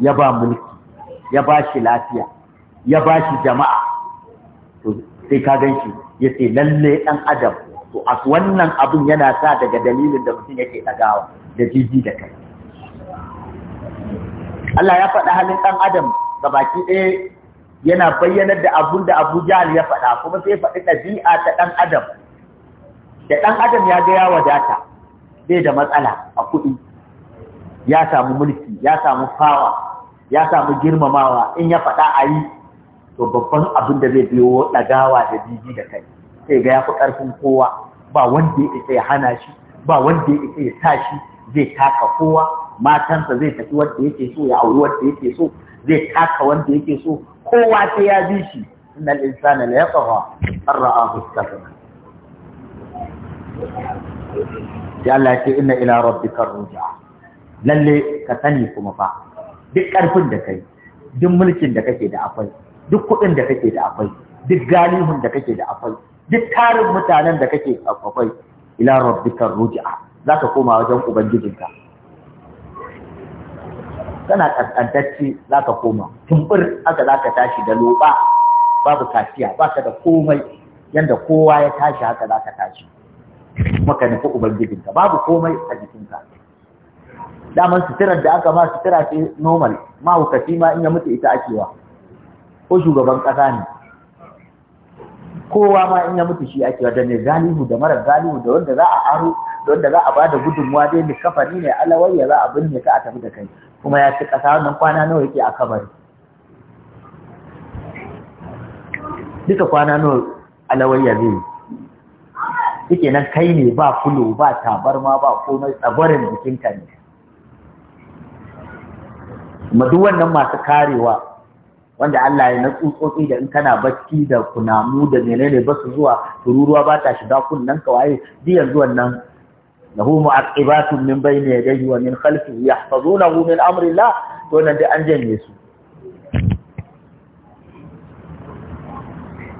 ya ba mulki ya ba shi lafiya ya ba shi jama'a sai ka gan shi ya ce lalle ɗan adam to a wannan abin yana sa daga dalilin da mutum yake ɗagawa da jiji da kai Allah ya faɗa halin ɗan adam ga baki ɗaya yana bayyanar da abun da Abu jihar ya faɗa kuma sai faɗi ɗabi'a ta ɗan adam da ɗan adam ya ga ya data, bai da matsala a kuɗi ya samu mulki ya samu fawa ya samu girmamawa in ya faɗa a yi to babban abin da zai biyo ɗagawa da bibi da kai sai ga ya fi ƙarfin kowa ba wanda ya ya hana shi ba wanda ya tashi zai taka kowa matansa zai tafi wanda yake so ya auri wanda yake so zai taka wanda yake so kowa sai ya bi shi innal insana la yatgha an ra'ahu ya Allah ce inna ila rabbika rujaa lalle ka sani kuma fa duk ƙarfin da kai duk mulkin da kake da akwai duk kuɗin da kake da akwai duk galihun da kake da akwai duk tarin mutanen da kake da akwai ila rabbika za ka koma wajen ubangijinka kana kaskantacce ka koma tumbur haka ka tashi da loba babu kafiya ka da komai yanda kowa ya tashi haka za ka tashi maka nufi ubangijinka babu komai a jikinka daman suturar da aka ma sutura ce normal mahaukaci ma in ya mutu ita akewa ko shugaban ƙasa ne kowa ma in ya mutu shi ake wajen ne galihu da mara galihu da wanda za a aro da wanda za a ba da gudunmuwa dai da ni ne alawayya za a binne ka a tafi da kai kuma ya ci ƙasa wannan kwana nawa yake a kabari duka kwana nawa alawayya zai yake nan kai ne ba kulo ba tabarma ba komai tsabarin jikinka ne kuma duk wannan masu karewa wanda Allah ya na tsutsotsi da in kana bacci da kunamu da menene ba su zuwa tururuwa ba ta shiga kunnan ka waye duk yanzu wannan lahu mu'aqibatu min bayni yadayhi wa min khalfihi yahfazunahu min amri Allah to nan dai an janye su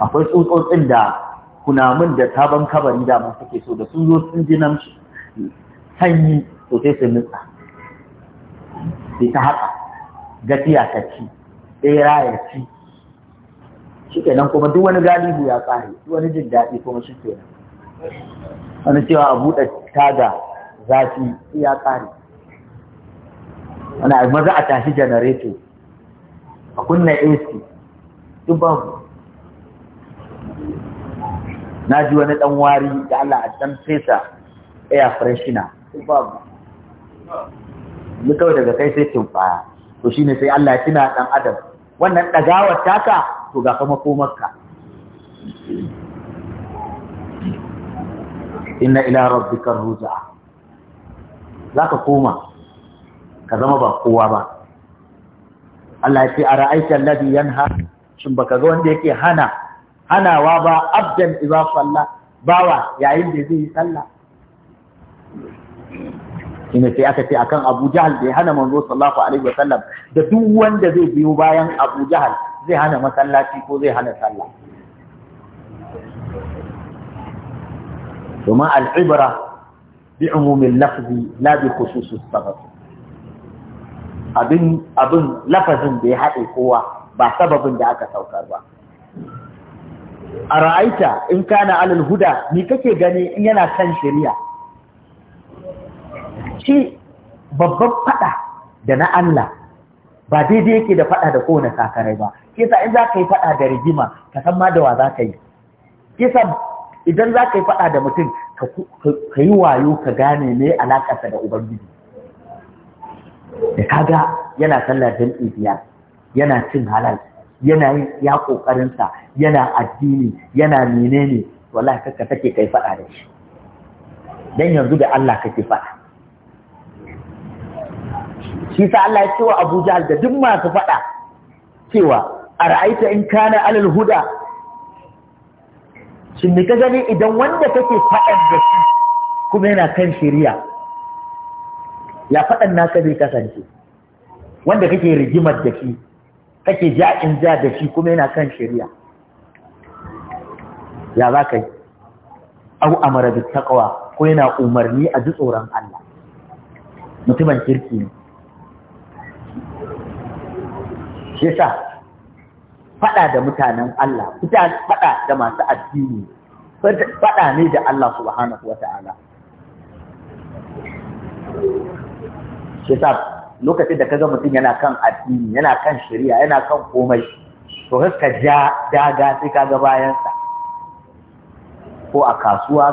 akwai tsotsin da kunamun da sabon kabari da suke so da sun zo sun ji nan sanyi to sai su nutsa sai ta haka gatiya ta ci tsera ya ci shi kenan kuma duk wani galibu ya tsari duk wani jin daɗi kuma shi kenan wani cewa a buɗe taga zafi ya tsari wani abu maza a tashi janareto a kunna ac duk babu na ji wani ɗan wari da Allah a ɗan fesa air freshener duk babu ni kawai daga kai sai tumfaya to shine sai Allah ya tuna dan adam wannan ɗagawar taka to ga kuma komarka inna ila rabbika za zaka koma ka zama ba kowa ba Allah ya ce a ra'aita ladi yanha shin baka ga wanda yake hana hanawa ba abdan idza salla bawa yayin da zai yi sallah shine sai aka ce akan Abu Jahal da ya hana manzo sallallahu alaihi wasallam da duk wanda zai biyo bayan Abu Jahal zai hana masallaci ko zai hana sallah domin al'ibra bi umumin lafzi la bi khususus sabab abin abin lafazin da ya haɗe kowa ba sababin da aka saukar ba a ra'aita in kana alal huda ni kake gani in yana kan shari'a ce babban fada da na Allah ba daidai yake da fada da kowane sakarai ba kisa in za ka yi fada da rigima ka san ma da wa za ka yi kisa idan za ka yi fada da mutum ka yi wayo ka gane ne alakarsa da ubangiji da kaga yana sallar jan biyar yana cin halal yana yin ya kokarinsa yana addini yana menene wallahi kaka take kai fada da shi dan yanzu da Allah kake fada shi sa Allah ya ce wa Abu Jahal da duk masu faɗa cewa ara'aita in kana alal huda shin ka gani idan wanda kake faɗan da shi kuma yana kan shari'a ya faɗan naka zai kasance wanda kake rigimar da shi kake ja ja da shi kuma yana kan shari'a ya za ka yi au amara bi takawa ko yana umarni a ji tsoron Allah mutumin kirki ne shi yasa faɗa da mutanen Allah faɗa da masu addini faɗa ne da Allah subhanahu wa shi yasa lokacin da kaga mutum yana kan addini yana kan shari'a yana kan komai to ka ja daga sai kaga bayansa ko a kasuwa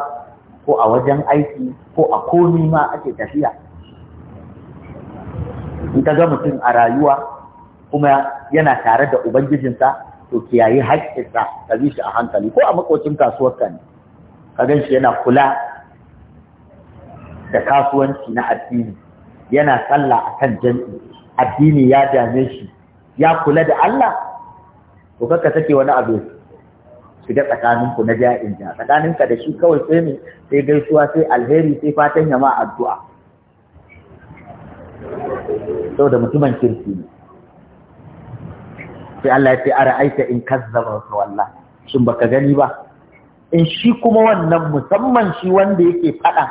ko a wajen aiki ko a komi ma ake tafiya in ga mutum a rayuwa kuma yana tare da ubangijinsa to kiyayi haƙƙinsa ka bi shi a hankali ko a makocin kasuwarka ne ka gan shi yana kula da kasuwanci na addini yana sallah a kan jan'i addini ya dame shi ya kula da Allah Ko kaka take wani abu shiga tsakaninku na ja'in ja tsakaninka da shi kawai sai ne sai gaisuwa sai alheri sai fatan jama'a addu'a saboda mutumin kirki ne sai Allah ya ce ara aita in kazzaba wa wallah shin baka gani ba in shi kuma wannan musamman shi wanda yake fada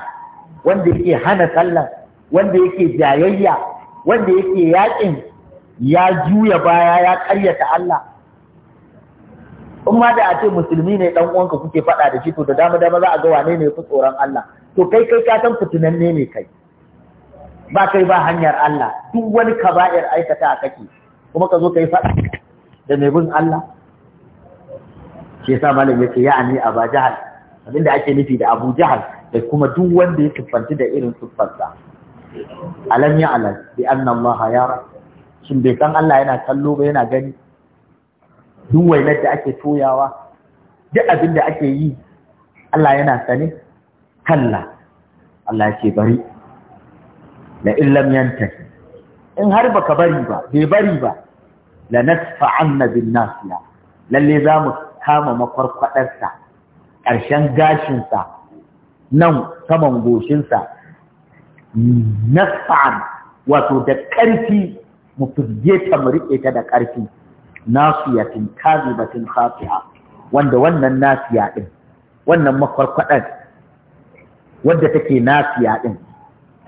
wanda yake hana sallah wanda yake jayayya wanda yake yakin ya juya baya ya karyata Allah in ma da a ce musulmi ne dan uwanka kuke fada da shi to da dama dama za a ga wane ne fi tsoron Allah to kai kai ka san fitinan ne kai ba kai ba hanyar Allah duk wani kaba'ir aikata a kake kuma ka zo ka yi da mai bin Allah shi yasa malam yake ya ani aba jahal abinda ake nufi da abu jahal da kuma duk wanda ya siffanci da irin siffarsa alam ya alal bi anna Allah yara shin bai san Allah yana kallo ba yana gani duk wainar da ake toyawa duk abin da ake yi Allah yana sane kalla Allah ce bari la illam yantahi in har baka bari ba bai bari ba lanasfa'anna bin nasiya lalle za mu kama makwarkwadarsa ƙarshen gashinsa nan saman goshinsa nasfa'an wato da ƙarfi mu fizge ta mu riƙe ta da ƙarfi nasiyatin kazibatin khatiha wanda wannan nasiya din wannan makwarkwadar wadda take nasiya din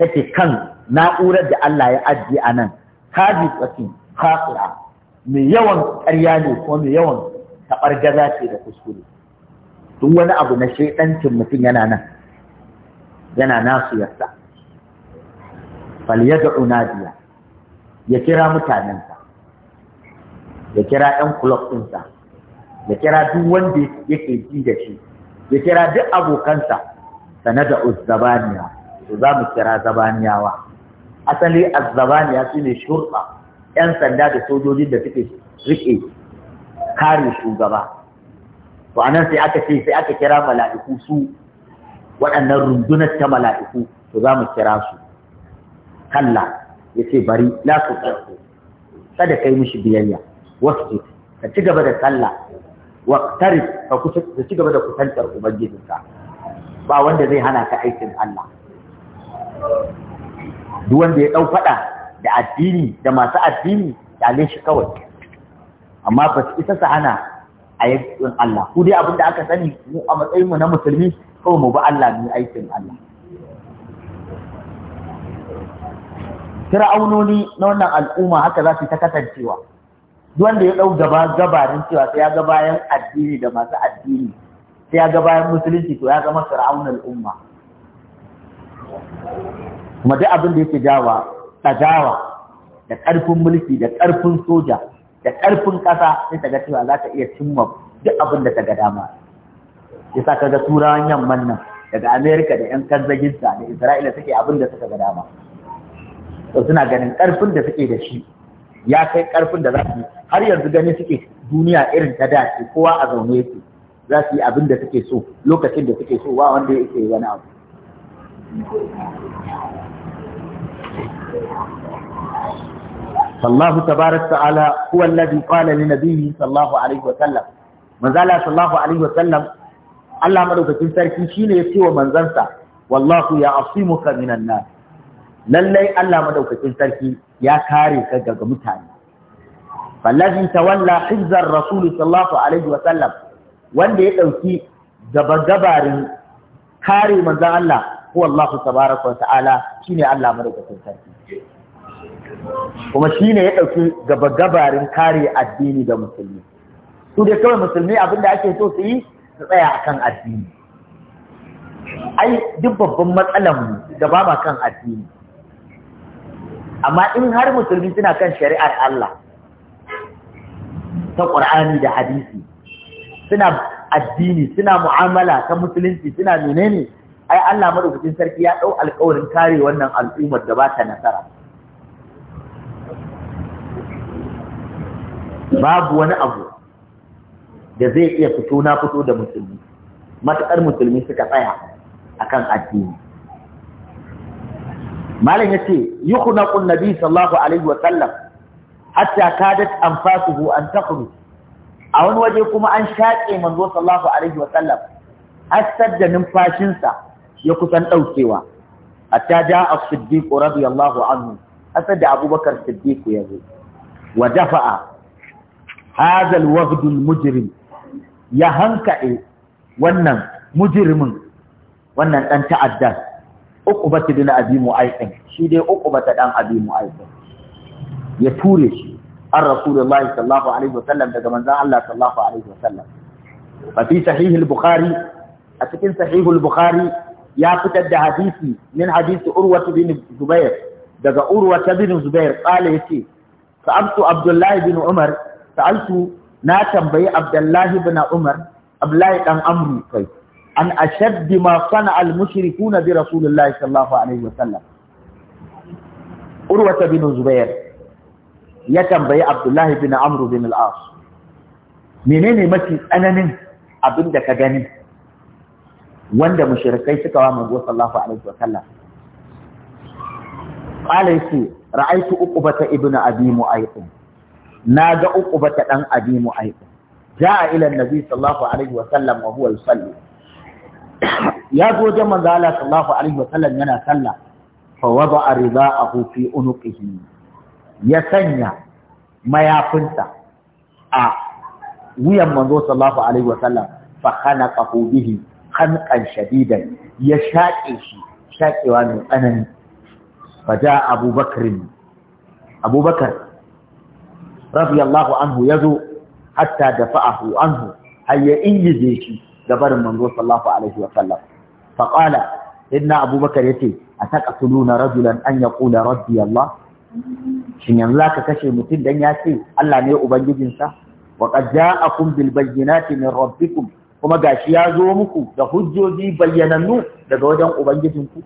take kan na'urar da Allah ya ajiye a nan kazibatin khatiha mai yawan ƙarya ne ko mai yawan taɓar gaza ce da kuskure duk wani abu na shaidancin mutum yana nan yana nasu yasa falyad'u nadiya ya kira mutanensa ya kira ɗan kulob ɗinsa ya kira duk wanda yake ji da shi ya kira duk abokansa sanada uzzabaniya to za mu kira zabaniyawa asali azzabaniya shine shurba 'yan sanda da sojojin da suke riƙe kare shugaba to a nan sai aka ce sai aka kira mala'iku su waɗannan rundunar ta mala'iku to za mu kira su kalla ya ce bari la su ƙarfi kada kai mishi biyayya wasu ka ci gaba da sallah wa tarif ka ci gaba da kusantar ubangijinka ba wanda zai hana ka aikin Allah duk wanda ya ɗau faɗa da addini da masu addini kyale shi kawai amma ba su isa su hana a yakin Allah ku dai abin da aka sani mu a matsayin mu na musulmi kawai mu bi Allah ne aikin Allah fir'aunoni na wannan al'umma haka za su ta kasancewa duk wanda ya dau gaba gabarin cewa sai ya ga bayan addini da masu addini sai ya ga bayan musulunci to ya zama fir'aunan umma. kuma duk abin da yake jawa tsajawa da ƙarfin mulki da ƙarfin soja da ƙarfin ƙasa sai ta ga cewa za ta iya cimma duk abin da ta ga dama sa ka ga turawan yamman nan daga amerika da yan kanzaginsa da isra'ila suke abin da suka ga dama to suna ganin ƙarfin da suke da shi ya kai ƙarfin da za su har yanzu gani suke duniya irin ta dace kowa a zaune yake za su yi abin da suke so lokacin da suke so ba wanda yake wani abu فالله تبارك تعالى هو الذي قال لنبيه صلى الله عليه وسلم من زال صلى الله عليه وسلم الله مدوكتين سركي شيني والله من الناس lallai Allah ya kare ka daga mutane fallazi rasul wanda ya dauki gaba kare manzon Allah ko Allah shine Allah madaukakin sarki kuma shi ne ya ɗauki gaba gabarin kare addini da musulmi su da kawai musulmi abinda ake so su yi su tsaya akan addini ai duk babban matsalar mu da ba ma kan addini amma in har musulmi suna kan shari'ar Allah ta ƙur'ani da hadisi suna addini suna mu'amala ta musulunci suna menene ai Allah madaukakin sarki ya dau alƙawarin kare wannan al'ummar da ba ta nasara babu wani abu da zai iya fito na fito da musulmi matuƙar musulmi suka tsaya akan addini malam yace yukhnaqu an-nabi sallallahu alaihi wa sallam hatta kadat anfasuhu an takhruj a wani waje kuma an shaƙe manzo sallallahu alaihi wa sallam har sadda numfashinsa ya kusan ɗaukewa hatta ja a siddiqu radiyallahu anhu asad da abubakar siddiqu ya zo wa dafa'a hadha alwafd almujrim ya hankaɗe wannan mujrimin wannan dan ta'addan ta bin abi mu'ayth shi dai ta dan abi mu'ayth ya ture shi an rasulullahi sallallahu alaihi wasallam daga manzon Allah sallallahu alaihi wasallam fa fi sahih bukhari a cikin sahih bukhari ya fitar da hadisi min hadisi urwatu bin zubair daga urwata bin zubair qala yace sa'abtu abdullahi bin umar sa'altu na tambayi abdullahi bin umar abdullahi dan amru kai an ashaddi ma sana al mushrikuna bi rasulillahi sallallahu alaihi wasallam urwata bin zubair ya tambayi abdullahi bin amru bin al-as menene mafi tsananin abinda ka gani wanda mushrikai suka wa manzo sallallahu alaihi wa sallam qala yace ra'aytu uqbata ibnu abi mu'ayth naga uqbata dan abi mu'ayth jaa ila annabi sallallahu alaihi wa sallam wa huwa yusalli ya zo da manzo Allah sallallahu alaihi wa sallam yana sallah fa wada'a ridaahu fi unuqihi ya sanya mayafinsa a wuyan manzo sallallahu alaihi wa sallam fa khanaqahu bihi hankan shadidan ya shaƙe shi shaƙewa mai tsanani faja abubakarin abubakar radiyallahu anhu ya zo hatta da fa'ahu anhu har ya ingize shi gabarin manzo sallallahu alaihi wa sallam faƙala inna abubakar ya ce a taƙasuluna rajulan an ya ƙula radiyallah shin yanzu za ka kashe mutum Dan ya ce Allah ne ubangijinsa wa qad ja'akum bil bayyinati min rabbikum kuma gashi ya zo muku da hujjoji bayyanannu daga wajen ubangijinku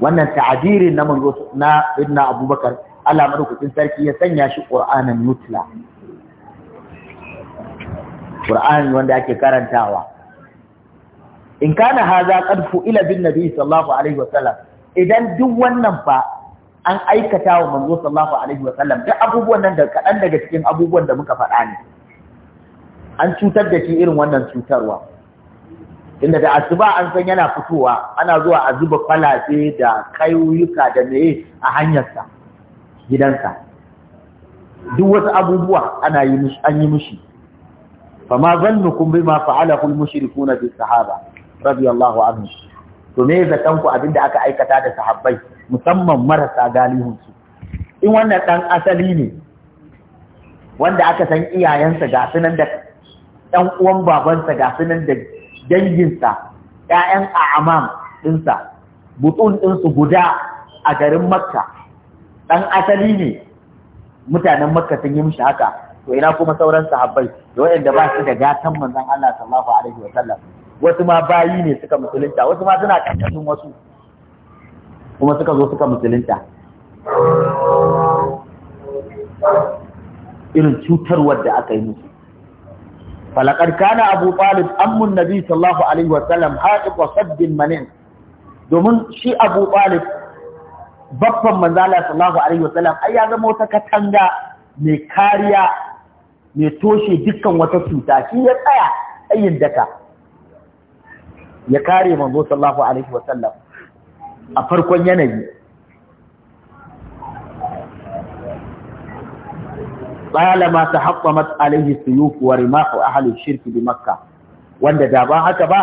wannan ta'adirin na manzo na ibn abubakar Allah madaukakin sarki ya sanya shi qur'anan mutla qur'ani wanda ake karantawa in kana haza qad fu'ila bin nabi sallallahu alaihi wasallam idan duk wannan fa an aikata wa manzo sallallahu alaihi wasallam duk abubuwan nan da kadan daga cikin abubuwan da muka faɗa ne an cutar da shi irin wannan cutarwa inda da asuba an san yana fitowa ana zuwa a zuba kwalabe da kayuyuka da meye a hanyarsa gidansa duk wasu abubuwa ana yi mishi an yi mishi ma zannukum bima fa'alahu al-mushrikuna bi sahaba radiyallahu anhu to me zakan ku abinda aka aikata da sahabbai musamman marasa galihun su in wannan dan asali ne wanda aka san iyayensa ga sunan da ɗan uwan babansa ga sunan da danginsa ƴaƴan amam ɗinsa butun ɗinsu guda a garin makka ɗan asali ne mutanen makka sun yi mishi haka to ina kuma sauran sahabbai da waɗanda ba su da gatan manzon Allah sallallahu alaihi wa sallam wasu ma bayi ne suka musulunta wasu ma suna ƙarƙashin wasu kuma suka zo suka musulunta irin cutarwar da aka yi musu falakar kana abu talib ammun nabi sallallahu alaihi wasallam haɗi kwasabbin manin domin shi abu talib babban manzala sallallahu alaihi wasallam ai ya zama wata katanga mai kariya mai toshe dukkan wata cuta shi ya tsaya tsayin daka ya kare manzo sallallahu alaihi wasallam a farkon yanayi طالما تحطمت عليه السيوف ورماح أهل الشرك بمكة wanda da ba haka ba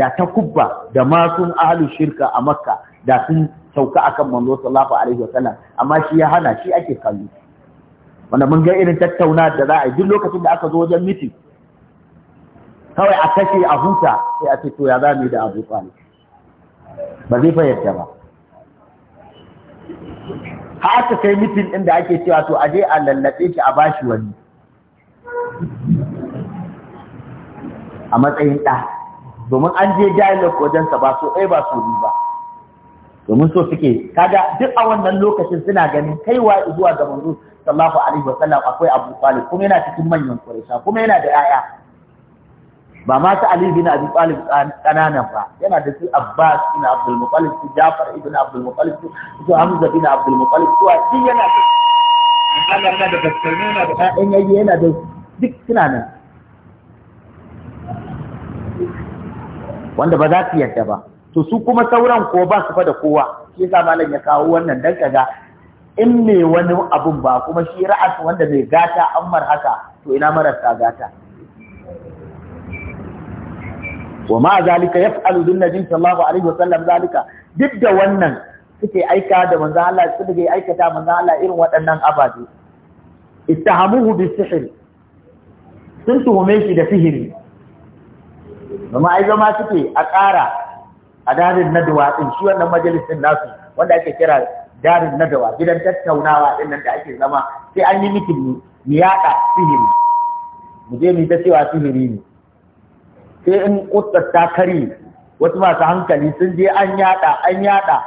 da ta kubba da masun ahalin shirka a makka da sun sauka akan manzo sallallahu alaihi wasallam amma shi ya hana shi ake kallo wanda mun ga irin tattauna da za a yi duk lokacin da aka zo wajen miti kawai a kashe a huta sai a ce to ya yi da Abu ba zai fahimta ba haka aka kai mitin ɗin da ake cewa to aje a lallaɓe shi a bashi wani a matsayin ɗa domin an je dialogue wajensa ba so ɗaya ba so biyu ba domin so suke kaga duk a wannan lokacin suna ganin kaiwa zuwa ga manzo sallallahu alaihi wasallam akwai Abu Talib kuma yana cikin manyan Quraysh kuma yana da 'ya'ya ba ma ta Ali bin Abi Talib kananan ba yana da su Abbas bin Abdul Muttalib su Jafar ibn Abdul Muttalib su Hamza bin Abdul Muttalib su duk yana da Allah da gaskiya yana da ƴaƴan yayi yana da duk suna nan wanda ba za su yadda ba to su kuma sauran ko ba su fa da kowa shi yasa malam ya kawo wannan dan kaga in me wani abun ba kuma shi ra'as wanda bai gata ammar haka to ina marasa gata wa ma zalika yaf'alu bin nabi sallallahu alaihi wasallam zalika duk da wannan suke aika da manzo Allah su da aikata manzo Allah irin waɗannan ababe ittahamuhu bi sihiri sun tuhume shi da sihiri amma ai zama suke a ƙara a darin nadwa din shi wannan majalisin nasu wanda ake kira darin nadwa gidan tattaunawa din nan da ake zama sai an yi mitin ni yaɗa sihiri mu je mu ta cewa sihiri ne sai in kutsar ta kare wasu masu hankali sun je an yada an yada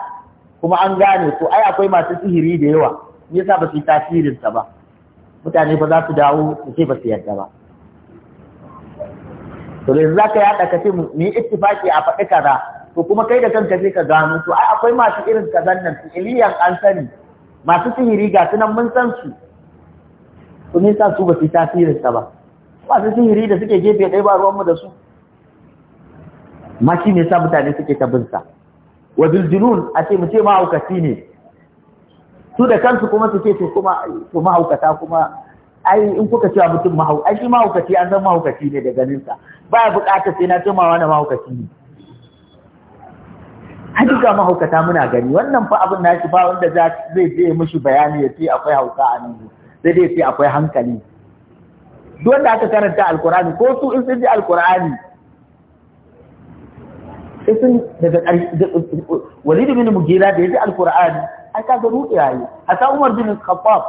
kuma an gane To ai akwai masu sihiri da yawa me yasa ba su yi tasirinsa ba mutane ba za su dawo su ce ba su yarda ba to yanzu za ka yada ka ce mu yi ittifaki a faɗi kaza to kuma kai da kanka sai ka gano to ai akwai masu irin kazan nan su iliyan an sani masu sihiri ga su nan mun san su to me yasa su ba su yi tasirinsa ba masu sihiri da suke gefe ɗaya ba ruwanmu da su ma shi ne sa mutane suke ta bin sa wa duljunun a ce mu ce mahaukaci ne su da kansu kuma su ce to kuma to mahaukata kuma ai in kuka cewa mutum mahau ai shi mahaukaci an san mahaukaci ne da ganin sa baya buƙatar sai na ce ma wani mahaukaci ne hakika mahaukata muna gani wannan fa abin nashi ba wanda zai je mishi bayani ya ce akwai hauka a nan sai dai ce akwai hankali duk wanda aka karanta alkurani ko su in sun ji alkurani sun daga Walidu bin mugila da yaji alqur'ani ai ka ga ruɗe yayi ta umar bin khattab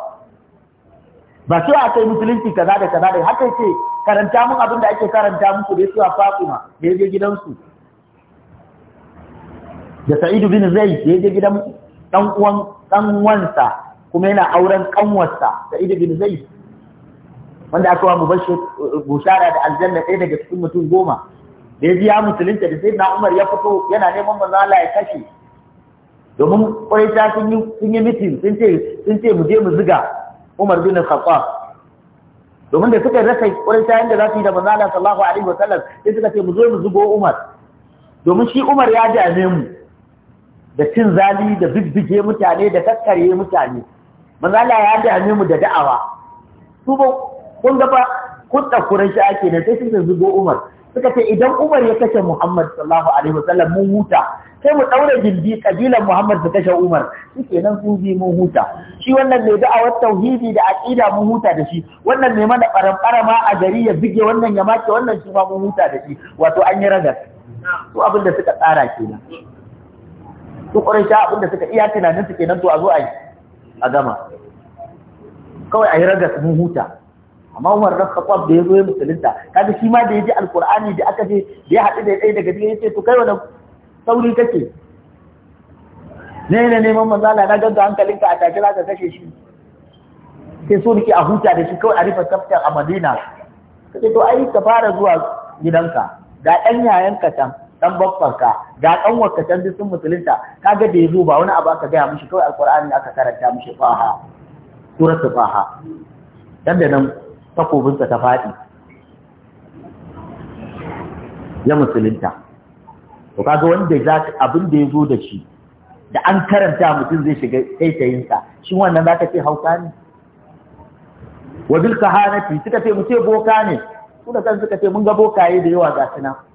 ba sai akai musulunci kaza da kaza da haka yake karanta mun abin da ake karanta muku da a fatima da yaje gidansu da sa'id bin zaid da yaje gidan dan uwan dan wansa kuma yana auren kanwarsa sa'id bin zaid wanda aka wa mubashir bushara da aljanna ɗaya daga cikin mutum goma da ya ji ya musulunta da sai na umar ya fito yana neman manzo Allah ya kashe domin kwaita sun yi mitin sun ce sun ce mu je mu ziga Umar bin Khattab domin da suka rasa kwaita inda za su yi da manzo Allah sallallahu alaihi wasallam sai suka ce mu zo mu zugo Umar domin shi Umar ya dame mu da cin zali da bibbige mutane da kakkare mutane manzo Allah ya dame mu da da'awa su ba kun ga ba kun da ake ne sai sun zugo Umar suka ce idan Umar ya kashe Muhammad sallallahu alaihi wasallam mun huta sai mu daure gindi kabilan Muhammad su kashe Umar nan sun bi mun huta shi wannan mai da'awar tauhidi da aqida mun huta da shi wannan mai mana barambara ma a gari ya bige wannan ya make wannan shi ma mun huta da shi wato an yi ragar to abin da suka tsara kenan su sha abin da suka iya tunanin su kenan to a zo a yi a gama kawai a yi ragas mun huta amma Umar na Khattab da zo ya musulunta kaga shi ma da ya ji alkur'ani da aka ce da ya haɗu da ya daga cikin yace to kai wani sauri kake ne ne neman manzala na gaggawa hankalinka a take za ka kashe shi sai so nake a huta da shi kawai a rufe tsaftar a Madina ce to ai ka fara zuwa gidanka ga ɗan yayanka can dan ka, ga ɗan can duk sun musulunta kaga da ya zo ba wani abu aka gaya mishi kawai alkur'ani aka karanta mishi faha suratul faha dan da nan takobinsa ta faɗi ya musulunta to kaga wanda za abin da ya zo da shi da an karanta mutum zai shiga kaitayinsa shi wannan za ka ce hauka ne wa bil kahanati suka ce mu ce boka ne su da kan suka ce mun ga bokaye da yawa ga su